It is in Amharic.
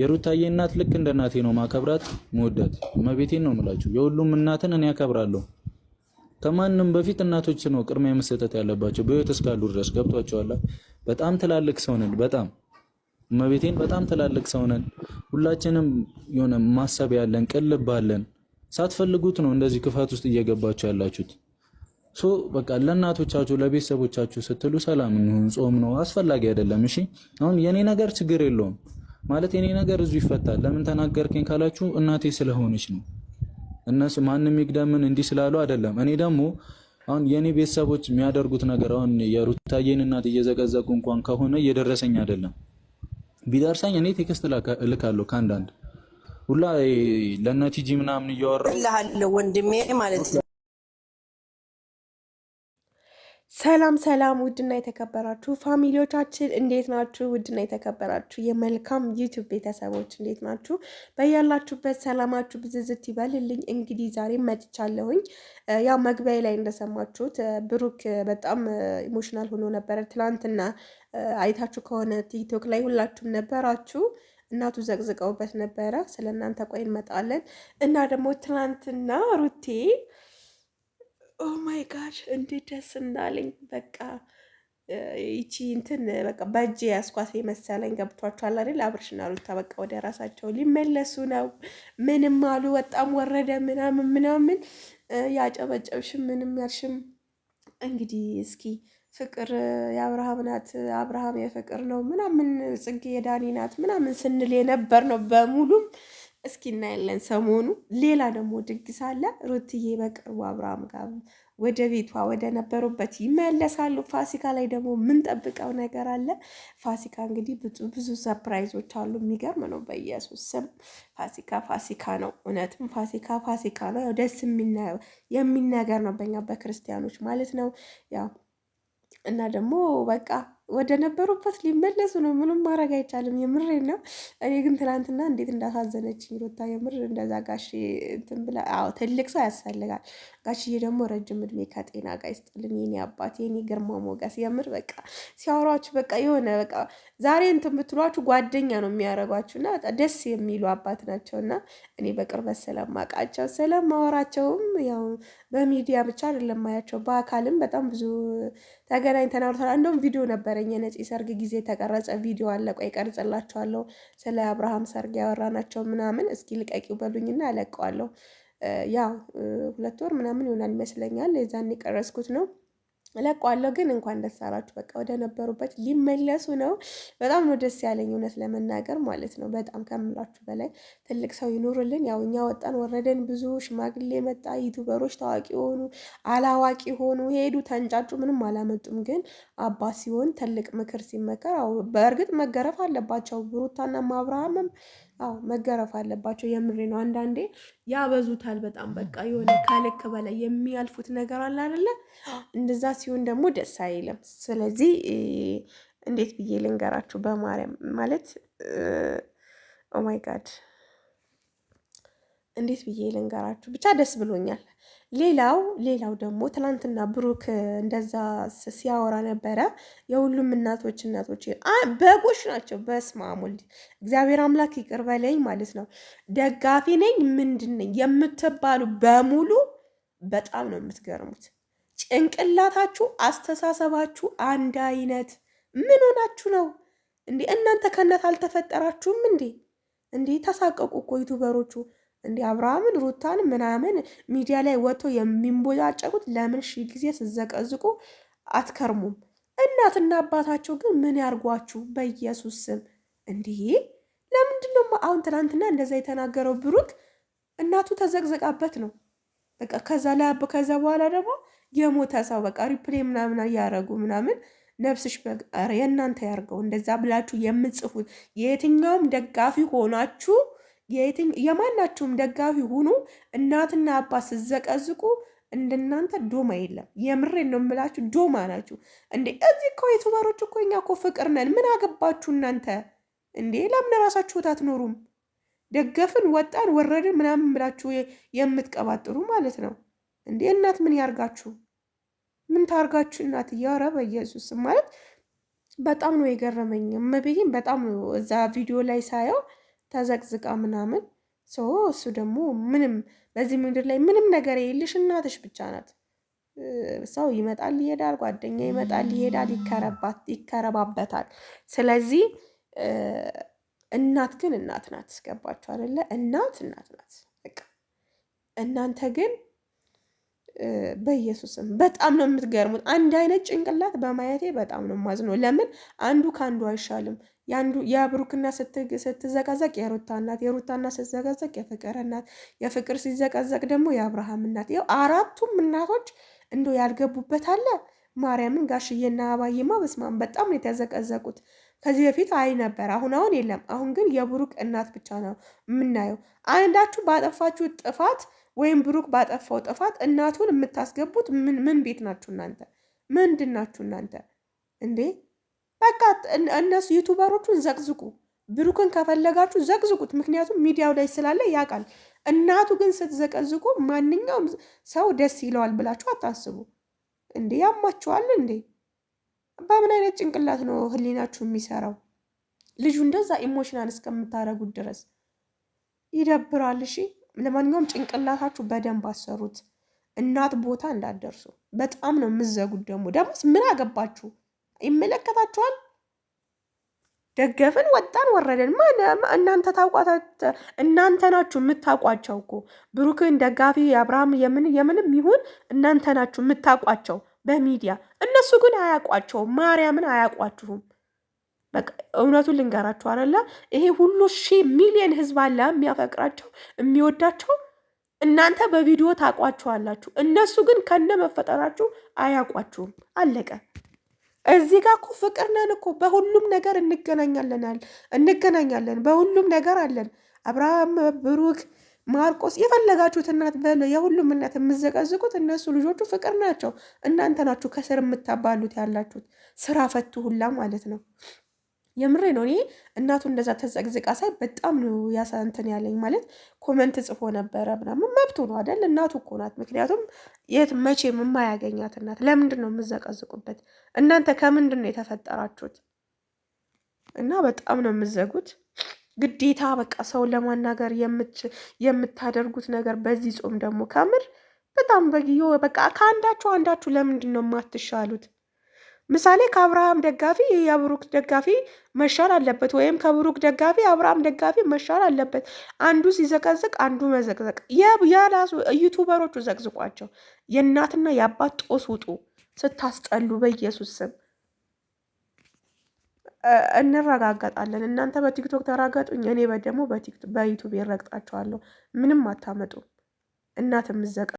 የሩታዬ እናት ልክ እንደ እናቴ ነው ማከብራት መወዳት። እመቤቴን ነው የምላችሁ። የሁሉም እናትን እኔ ያከብራለሁ። ከማንም በፊት እናቶች ነው ቅድሚያ መሰጠት ያለባቸው በህይወት እስካሉ ድረስ። ገብቷቸዋል። በጣም ትላልቅ ሰው ነን። በጣም መቤቴን በጣም ትላልቅ ሰው ነን። ሁላችንም የሆነ ማሰብ ያለን ቅልብ አለን። ሳትፈልጉት ነው እንደዚህ ክፋት ውስጥ እየገባችሁ ያላችሁት። ሶ በቃ ለእናቶቻችሁ ለቤተሰቦቻችሁ ስትሉ ሰላም እንሁን። ጾም ነው አስፈላጊ አይደለም። እሺ አሁን የኔ ነገር ችግር የለውም ማለት የኔ ነገር እዙ ይፈታል። ለምን ተናገርከኝ ካላችሁ እናቴ ስለሆነች ነው። እነሱ ማንም ይግደምን እንዲህ ስላሉ አይደለም። እኔ ደግሞ አሁን የእኔ ቤተሰቦች የሚያደርጉት ነገር አሁን የሩታዬን እናት እየዘቀዘቁ እንኳን ከሆነ እየደረሰኝ አይደለም። ቢደርሰኝ እኔ ቴክስት እልካለሁ ከአንዳንድ ሁላ ለእነ ቲጂ ምናምን እያወራ ወንድሜ ማለት ነው ሰላም ሰላም ውድና የተከበራችሁ ፋሚሊዎቻችን እንዴት ናችሁ? ውድና የተከበራችሁ የመልካም ዩቱብ ቤተሰቦች እንዴት ናችሁ? በያላችሁበት ሰላማችሁ ብዝዝት ይበልልኝ። እንግዲህ ዛሬ መጥቻለሁኝ። ያው መግቢያ ላይ እንደሰማችሁት ብሩክ በጣም ኢሞሽናል ሆኖ ነበረ። ትላንትና አይታችሁ ከሆነ ቲክቶክ ላይ ሁላችሁም ነበራችሁ። እናቱ ዘቅዝቀውበት ነበረ። ስለ እናንተ ቆይ እንመጣለን እና ደግሞ ትላንትና ሩቴ ኦማይ ጋሽ እንዴት ደስ እንዳለኝ በቃ ይቺ እንትን በቃ በእጄ ያስኳት የመሰለኝ ገብቷቸዋል አይደል? አብርሽና ሩታ በቃ ወደ ራሳቸው ሊመለሱ ነው። ምንም አሉ ወጣም ወረደ ምናምን ምናምን ያጨበጨብሽም ምንም ያልሽም እንግዲህ እስኪ ፍቅር የአብርሃም ናት፣ አብርሃም የፍቅር ነው ምናምን፣ ጽጌ የዳኒ ናት ምናምን ስንል የነበር ነው በሙሉም እስኪ እናያለን። ሰሞኑ ሌላ ደግሞ ድግስ አለ። ሩትዬ በቅርቡ አብርሃም ጋር ወደ ቤቷ ወደ ነበሩበት ይመለሳሉ። ፋሲካ ላይ ደግሞ የምንጠብቀው ነገር አለ። ፋሲካ እንግዲህ ብዙ ሰርፕራይዞች አሉ። የሚገርም ነው። በኢየሱስ ስም ፋሲካ ፋሲካ ነው። እውነትም ፋሲካ ፋሲካ ነው። ያው ደስ የሚነገር ነው በኛ በክርስቲያኖች ማለት ነው። ያው እና ደግሞ በቃ ወደ ነበሩበት ሊመለሱ ነው። ምንም ማድረግ አይቻልም። የምሬ ነው። እኔ ግን ትናንትና እንዴት እንዳሳዘነች ሩታ የምር እንደዛ ጋሽ እንትን ብላ። አዎ ትልቅ ሰው ያስፈልጋል። ጋሽዬ ደግሞ ረጅም እድሜ ከጤና ጋር ይስጥልን። የኔ አባት የኔ ግርማ ሞገስ የምር በቃ ሲያወሯችሁ በቃ የሆነ በቃ ዛሬ እንትን ብትሏችሁ ጓደኛ ነው የሚያደርጓችሁ እና ደስ የሚሉ አባት ናቸው እና እኔ በቅርበት ስለማውቃቸው ስለማወራቸውም ያው በሚዲያ ብቻ አይደለም ማያቸው በአካልም በጣም ብዙ ተገናኝተናል። እንደውም ቪዲዮ ነበር የነበረኝ የነፂ ሰርግ ጊዜ ተቀረጸ ቪዲዮ አለ። ቆይ ቀርጽላችኋለሁ። ስለ አብርሃም ሰርግ ያወራናቸው ምናምን እስኪ ልቀቂው በሉኝና ያለቀዋለሁ። ያው ሁለት ወር ምናምን ይሆናል ይመስለኛል የዛን የቀረጽኩት ነው። ለቋለሁ ግን እንኳን ደስ አላችሁ። በቃ ወደ ነበሩበት ሊመለሱ ነው። በጣም ነው ደስ ያለኝ እውነት ለመናገር ማለት ነው። በጣም ከምላችሁ በላይ ትልቅ ሰው ይኑርልን። ያው እኛ ወጣን ወረደን፣ ብዙ ሽማግሌ መጣ፣ ዩቱበሮች ታዋቂ ሆኑ፣ አላዋቂ ሆኑ፣ ሄዱ፣ ተንጫጩ፣ ምንም አላመጡም። ግን አባት ሲሆን ትልቅ ምክር ሲመከር፣ በእርግጥ መገረፍ አለባቸው ብሩታና አብርሃምም አዎ መገረፍ አለባቸው። የምሬ ነው። አንዳንዴ ያበዙታል በጣም በቃ የሆነ ከልክ በላይ የሚያልፉት ነገር አለ አይደለ? እንደዛ ሲሆን ደግሞ ደስ አይልም። ስለዚህ እንዴት ብዬ ልንገራችሁ በማርያም ማለት ኦማይ ጋድ እንዴት ብዬ ልንገራችሁ፣ ብቻ ደስ ብሎኛል። ሌላው ሌላው ደግሞ ትናንትና ብሩክ እንደዛ ሲያወራ ነበረ። የሁሉም እናቶች እናቶች በጎች ናቸው። በስመ አብ ወልድ እግዚአብሔር አምላክ ይቅር በለኝ ማለት ነው። ደጋፊ ነኝ ምንድን ነኝ የምትባሉ በሙሉ በጣም ነው የምትገርሙት። ጭንቅላታችሁ፣ አስተሳሰባችሁ አንድ አይነት ምን ሆናችሁ ነው እንዴ? እናንተ ከእናት አልተፈጠራችሁም እንዴ? እንዴ ተሳቀቁ እኮ ዩቱበሮቹ እንዲህ አብርሃምን ሩታን ምናምን ሚዲያ ላይ ወጥቶ የሚንቦጫጨቁት ለምን ሺ ጊዜ ስዘቀዝቁ አትከርሙም? እናትና አባታቸው ግን ምን ያርጓችሁ? በኢየሱስ ስም እንዲህ ለምንድን ነው አሁን? ትናንትና እንደዛ የተናገረው ብሩክ እናቱ ተዘቅዘቃበት ነው በቃ። ከዛ ላይ ከዛ በኋላ ደግሞ የሞተ ሰው በቃ ሪፕሌ ምናምን እያረጉ ምናምን ነፍስሽ በቃ የእናንተ ያርገው። እንደዛ ብላችሁ የምጽፉት የትኛውም ደጋፊ ሆናችሁ የማናቸውም ደጋፊ ሁኑ። እናትና አባት ስዘቀዝቁ እንደናንተ ዶማ የለም። የምሬን ነው የምላችሁ፣ ዶማ ናችሁ እንዴ! እዚህ እኮ የቱበሮች እኮ እኛ እኮ ፍቅር ነን። ምን አገባችሁ እናንተ እንዴ? ለምን ራሳችሁት አትኖሩም? ደገፍን፣ ወጣን፣ ወረድን ምናምን ብላችሁ የምትቀባጥሩ ማለት ነው እንዴ! እናት ምን ያርጋችሁ? ምን ታርጋችሁ እናት? እያወራ በኢየሱስ ማለት በጣም ነው የገረመኝ። እመቤቴን በጣም ነው እዛ ቪዲዮ ላይ ሳየው ተዘቅዝቃ ምናምን ሶ እሱ ደግሞ ምንም በዚህ ምድር ላይ ምንም ነገር የሌለሽ እናትሽ ብቻ ናት። ሰው ይመጣል ይሄዳል፣ ጓደኛ ይመጣል ይሄዳል፣ ይከረባበታል። ስለዚህ እናት ግን እናት ናት። ገባችሁ አይደለ? እናት እናት ናት። እናንተ ግን በኢየሱስም በጣም ነው የምትገርሙት። አንድ አይነት ጭንቅላት በማየቴ በጣም ነው ማዝኖ ለምን አንዱ ከአንዱ አይሻልም? የአንዱ የብሩክና ስትዘቀዘቅ የሩታ እናት፣ የሩታና ስትዘቀዘቅ የፍቅር እናት፣ የፍቅር ሲዘቀዘቅ ደግሞ የአብርሃም እናት። ይኸው አራቱም እናቶች እንደው ያልገቡበት አለ። ማርያምን ጋሽዬና አባይማ በስማም በጣም ነው የተዘቀዘቁት። ከዚህ በፊት አይ ነበር፣ አሁን አሁን የለም። አሁን ግን የብሩክ እናት ብቻ ነው የምናየው። አንዳችሁ ባጠፋችሁ ጥፋት ወይም ብሩክ ባጠፋው ጥፋት እናቱን የምታስገቡት ምን ቤት ናችሁ እናንተ? ምንድን ናችሁ እናንተ እንዴ? በቃ እነሱ ዩቱበሮቹን ዘቅዝቁ። ብሩክን ከፈለጋችሁ ዘቅዝቁት፣ ምክንያቱም ሚዲያው ላይ ስላለ ያውቃል። እናቱ ግን ስትዘቀዝቁ ማንኛውም ሰው ደስ ይለዋል ብላችሁ አታስቡ እንዴ። ያማችኋል እንዴ? በምን አይነት ጭንቅላት ነው ህሊናችሁ የሚሰራው? ልጁ እንደዛ ኢሞሽናል እስከምታደርጉት ድረስ ይደብራል። እሺ ለማንኛውም ጭንቅላታችሁ በደንብ አሰሩት። እናት ቦታ እንዳደርሱ በጣም ነው የምዘጉት። ደግሞ ደግሞስ ምን አገባችሁ? ይመለከታችኋል። ደገፍን፣ ወጣን፣ ወረደን እናንተ ታውቋታ እናንተ ናችሁ የምታውቋቸው እኮ ብሩክን ደጋፊ የአብርሃም የምን የምንም ይሁን እናንተ ናችሁ የምታውቋቸው በሚዲያ። እነሱ ግን አያውቋቸውም። ማርያምን አያውቋችሁም። በቃ እውነቱን ልንገራቸው አለ ይሄ ሁሉ ሺህ ሚሊየን ህዝብ አለ የሚያፈቅራቸው የሚወዳቸው። እናንተ በቪዲዮ ታቋችኋላችሁ፣ እነሱ ግን ከነ መፈጠራችሁ አያውቋችሁም። አለቀ። እዚህ ጋር እኮ ፍቅር ነን እኮ በሁሉም ነገር እንገናኛለናል እንገናኛለን፣ በሁሉም ነገር አለን። አብርሃም፣ ብሩክ፣ ማርቆስ የፈለጋችሁት እናት በለ የሁሉም እናት የምዘቀዝቁት እነሱ ልጆቹ ፍቅር ናቸው። እናንተ ናችሁ ከስር የምታባሉት ያላችሁት ስራ ፈቱ ሁላ ማለት ነው። የምሬ ነው። እኔ እናቱ እንደዛ ተዘቅዝቃ ሳይ በጣም ነው ያሳንትን ያለኝ። ማለት ኮመንት ጽፎ ነበረ ምናምን መብቱ ነው አደል? እናቱ እኮ ናት። ምክንያቱም የት መቼም የማያገኛት እናት ለምንድን ነው የምዘቀዝቁበት? እናንተ ከምንድን ነው የተፈጠራችሁት? እና በጣም ነው የምዘጉት ግዴታ በቃ ሰውን ለማናገር የምታደርጉት ነገር በዚህ ጾም ደግሞ ከምር በጣም በጊዮ በቃ ከአንዳችሁ አንዳችሁ ለምንድን ነው የማትሻሉት? ምሳሌ ከአብርሃም ደጋፊ የብሩክ ደጋፊ መሻል አለበት፣ ወይም ከብሩክ ደጋፊ የአብርሃም ደጋፊ መሻል አለበት። አንዱ ሲዘቀዝቅ አንዱ መዘቅዘቅ። የራሱ ዩቱበሮቹ ዘቅዝቋቸው። የእናትና የአባት ጦስ ውጡ፣ ስታስጠሉ። በኢየሱስ ስም እንረጋገጣለን። እናንተ በቲክቶክ ተራገጡኝ፣ እኔ በደግሞ በዩቱብ ይረግጣቸዋለሁ። ምንም አታመጡ እናት የምዘቀ